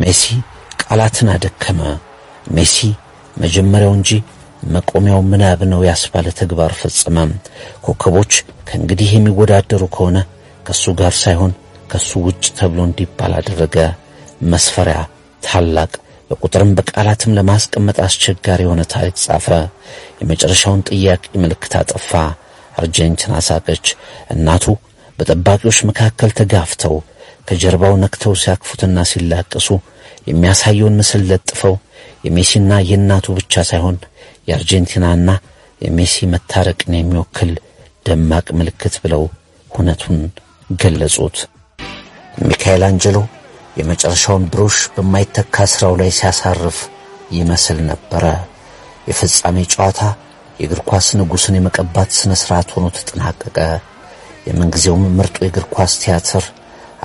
ሜሲ ቃላትን አደከመ። ሜሲ መጀመሪያው እንጂ መቆሚያው ምናብ ነው ያስባለ ተግባር ፈጸመ። ኮከቦች ከእንግዲህ የሚወዳደሩ ከሆነ ከሱ ጋር ሳይሆን ከሱ ውጭ ተብሎ እንዲባል አደረገ። መስፈሪያ ታላቅ በቁጥርም በቃላትም ለማስቀመጥ አስቸጋሪ የሆነ ታሪክ ጻፈ። የመጨረሻውን ጥያቄ ምልክት አጠፋ። አርጀንቲና ሳቀች። እናቱ በጠባቂዎች መካከል ተጋፍተው ከጀርባው ነክተው ሲያቅፉትና ሲላቀሱ የሚያሳየውን ምስል ለጥፈው የሜሲና የእናቱ ብቻ ሳይሆን የአርጀንቲናና የሜሲ መታረቅን የሚወክል ደማቅ ምልክት ብለው ሁነቱን ገለጹት። ሚካኤል አንጀሎ የመጨረሻውን ብሩሽ በማይተካ ሥራው ላይ ሲያሳርፍ ይመስል ነበረ። የፍጻሜ ጨዋታ የእግር ኳስ ንጉሥን የመቀባት ሥነ ሥርዓት ሆኖ ተጠናቀቀ። የምንጊዜውም ምርጡ የእግር ኳስ ቲያትር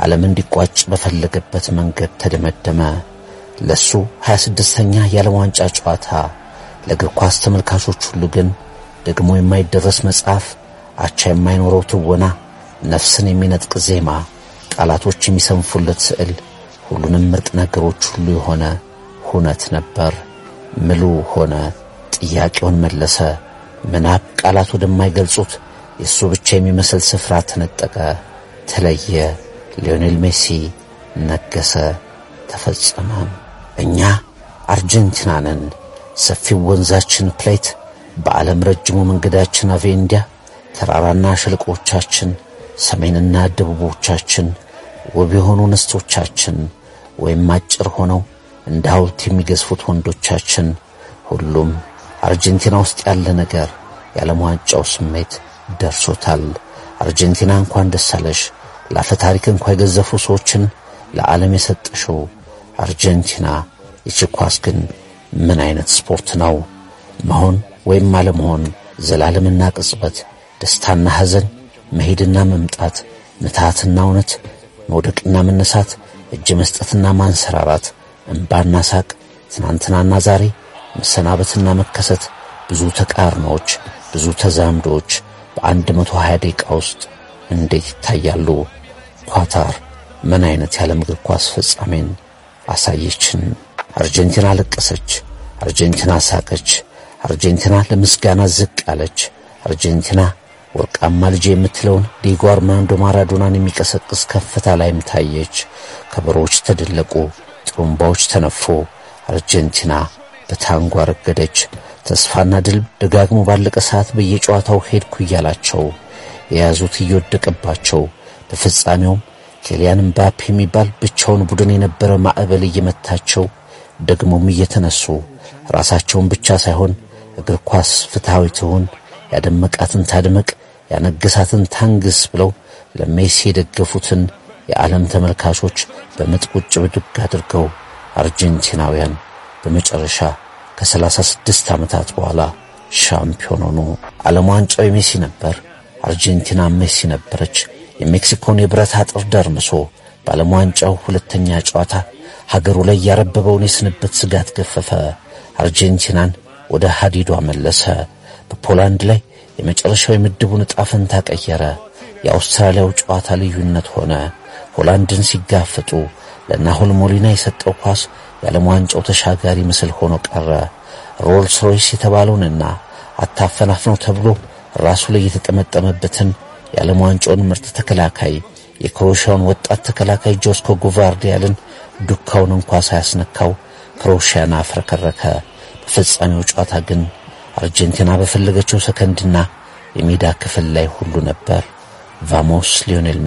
ዓለም እንዲቋጭ በፈለገበት መንገድ ተደመደመ። ለሱ 26ኛ የዓለም ዋንጫ ጨዋታ ለእግር ኳስ ተመልካቾች ሁሉ ግን ደግሞ የማይደረስ መጽሐፍ፣ አቻ የማይኖረው ትወና፣ ነፍስን የሚነጥቅ ዜማ፣ ቃላቶች የሚሰንፉለት ስዕል፣ ሁሉንም ምርጥ ነገሮች ሁሉ የሆነ ሁነት ነበር። ምሉ ሆነ፣ ጥያቄውን መለሰ። ምናብ ቃላት ወደማይገልጹት የእሱ ብቻ የሚመስል ስፍራ ተነጠቀ፣ ተለየ። ሊዮኔል ሜሲ ነገሰ፣ ተፈጸመ። እኛ አርጀንቲና ነን። ሰፊው ወንዛችን ፕሌት፣ በዓለም ረጅሙ መንገዳችን አቬንዲያ፣ ተራራና ሸለቆቻችን፣ ሰሜንና ደቡቦቻችን፣ ውብ የሆኑ ንስቶቻችን ወይም አጭር ሆነው እንደ ሐውልት የሚገዝፉት ወንዶቻችን፣ ሁሉም አርጀንቲና ውስጥ ያለ ነገር የዓለም ዋንጫው ስሜት ደርሶታል። አርጀንቲና እንኳን ደስ አለሽ ለአፈ ታሪክ እንኳ የገዘፉ ሰዎችን ለዓለም የሰጠሽው አርጀንቲና ይቺ ኳስ ግን ምን አይነት ስፖርት ነው? መሆን ወይም አለመሆን፣ ዘላለምና ቅጽበት፣ ደስታና ሐዘን፣ መሄድና መምጣት፣ ምትሃትና እውነት፣ መውደቅና መነሳት፣ እጅ መስጠትና ማንሰራራት፣ እምባና ሳቅ፣ ትናንትናና ዛሬ፣ መሰናበትና መከሰት፣ ብዙ ተቃርኖዎች፣ ብዙ ተዛምዶዎች በአንድ መቶ ደቂቃ ውስጥ እንዴት ይታያሉ? ኳታር ምን አይነት የዓለም እግር ኳስ ፍጻሜን አሳየችን። አርጀንቲና ለቀሰች፣ አርጀንቲና ሳቀች፣ አርጀንቲና ለምስጋና ዝቅ አለች። አርጀንቲና ወርቃማ ልጅ የምትለውን ዲጎ አርማንዶ ማራዶናን የሚቀሰቅስ ከፍታ ላይም ታየች። ከበሮዎች ተደለቁ፣ ጥሩምባዎች ተነፉ። አርጀንቲና በታንጓ ረገደች። ተስፋና ድል ደጋግሞ ባለቀ ሰዓት በየጨዋታው ሄድኩ እያላቸው የያዙት እየወደቀባቸው በፍጻሜውም ኪሊያን ምባፕ የሚባል ብቻውን ቡድን የነበረ ማዕበል እየመታቸው ደግሞም እየተነሱ ራሳቸውን ብቻ ሳይሆን እግር ኳስ ፍትሐዊ ትሁን፣ ያደመቃትን ታድመቅ፣ ያነገሳትን ታንግስ ብለው ለሜሲ የደገፉትን የዓለም ተመልካቾች በምጥ ቁጭ ብድግ አድርገው አርጀንቲናውያን በመጨረሻ ከ36 ዓመታት በኋላ ሻምፒዮን ሆኑ። ዓለም ዋንጫው ሜሲ ነበር። አርጀንቲና ሜሲ ነበረች። የሜክሲኮን የብረት አጥር ደርምሶ በዓለም ዋንጫው ሁለተኛ ጨዋታ ሀገሩ ላይ ያረበበውን የስንብት ስጋት ገፈፈ። አርጀንቲናን ወደ ሀዲዷ መለሰ። በፖላንድ ላይ የመጨረሻው የምድቡን ዕጣ ፈንታ ቀየረ። የአውስትራሊያው ጨዋታ ልዩነት ሆነ። ሆላንድን ሲጋፍጡ ለናሆል ሞሊና የሰጠው ኳስ የዓለም ዋንጫው ተሻጋሪ ምስል ሆኖ ቀረ። ሮልስ ሮይስ የተባለውንና አታፈናፍነው ተብሎ ራሱ ላይ የተጠመጠመበትን የዓለም ዋንጫውን ምርጥ ተከላካይ የክሮኤሽያውን ወጣት ተከላካይ ጆስኮ ጉቫርዲያልን ዱካውን እንኳ ሳያስነካው ክሮሽያን አፍረከረከ። በፍጻሜው ጨዋታ ግን አርጀንቲና በፈለገችው ሰከንድና የሜዳ ክፍል ላይ ሁሉ ነበር። ቫሞስ ሊዮኔል